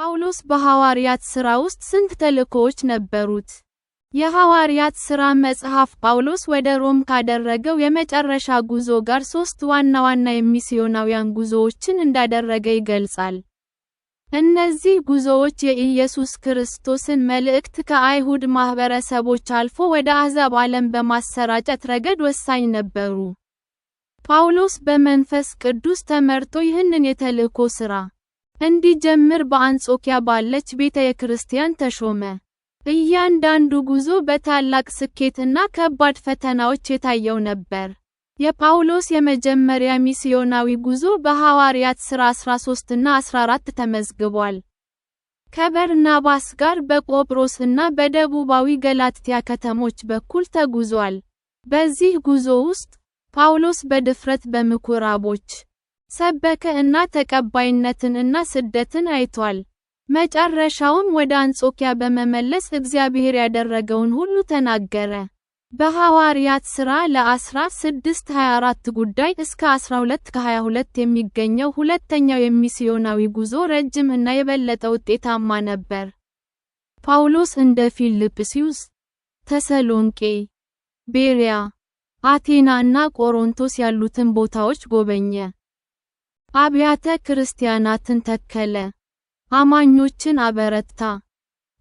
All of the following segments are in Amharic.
ጳውሎስ በሐዋርያት ሥራ ውስጥ ስንት ተልእኮዎች ነበሩት? የሐዋርያት ሥራ መጽሐፍ ጳውሎስ ወደ ሮም ካደረገው የመጨረሻ ጉዞ ጋር ሦስት ዋና ዋና የሚስዮናውያን ጉዞዎችን እንዳደረገ ይገልጻል። እነዚህ ጉዞዎች የኢየሱስ ክርስቶስን መልእክት ከአይሁድ ማኅበረሰቦች አልፎ ወደ አሕዛብ ዓለም በማሰራጨት ረገድ ወሳኝ ነበሩ። ጳውሎስ በመንፈስ ቅዱስ ተመርቶ ይህንን የተልእኮ ሥራ እንዲጀምር በአንጾኪያ ባለች ቤተ ክርስቲያን ተሾመ። እያንዳንዱ ጉዞ በታላቅ ስኬትና ከባድ ፈተናዎች የታየው ነበር። የጳውሎስ የመጀመሪያ ሚስዮናዊ ጉዞ በሐዋርያት ሥራ 13 እና 14 ተመዝግቧል። ከበርናባስ ጋር በቆጵሮስና እና በደቡባዊ ገላትያ ከተሞች በኩል ተጉዟል። በዚህ ጉዞ ውስጥ ጳውሎስ በድፍረት በምኩራቦች ሰበከ እና ተቀባይነትን እና ስደትን አይቷል። መጨረሻውን ወደ አንጾኪያ በመመለስ እግዚአብሔር ያደረገውን ሁሉ ተናገረ። በሐዋርያት ሥራ ለ16:24 ጉዳይ እስከ 12:22 የሚገኘው ሁለተኛው የሚስዮናዊ ጉዞ ረጅም እና የበለጠ ውጤታማ ነበር። ጳውሎስ እንደ ፊልጵስዩስ፣ ተሰሎንቄ፣ ቤርያ፣ አቴና እና ቆሮንቶስ ያሉትን ቦታዎች ጎበኘ። አብያተ ክርስቲያናትን ተከለ፣ አማኞችን አበረታ፣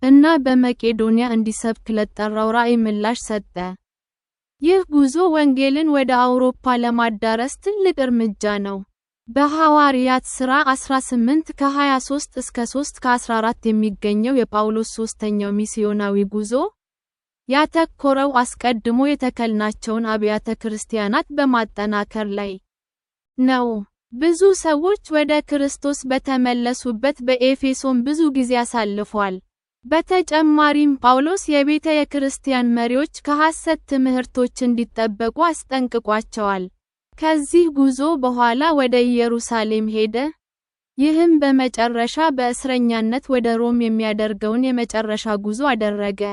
እና በመቄዶንያ እንዲሰብክ ለጠራው ራእይ ምላሽ ሰጠ። ይህ ጉዞ ወንጌልን ወደ አውሮፓ ለማዳረስ ትልቅ እርምጃ ነው። በሐዋርያት ሥራ 18 ከ23 እስከ 3 ከ14 የሚገኘው የጳውሎስ ሦስተኛው ሚስዮናዊ ጉዞ ያተኮረው አስቀድሞ የተከልናቸውን አብያተ ክርስቲያናት በማጠናከር ላይ ነው። ብዙ ሰዎች ወደ ክርስቶስ በተመለሱበት በኤፌሶን ብዙ ጊዜ አሳልፏል። በተጨማሪም ጳውሎስ የቤተ የክርስቲያን መሪዎች ከሐሰት ትምህርቶች እንዲጠበቁ አስጠንቅቋቸዋል። ከዚህ ጉዞ በኋላ ወደ ኢየሩሳሌም ሄደ፣ ይህም በመጨረሻ በእስረኛነት ወደ ሮም የሚያደርገውን የመጨረሻ ጉዞ አደረገ።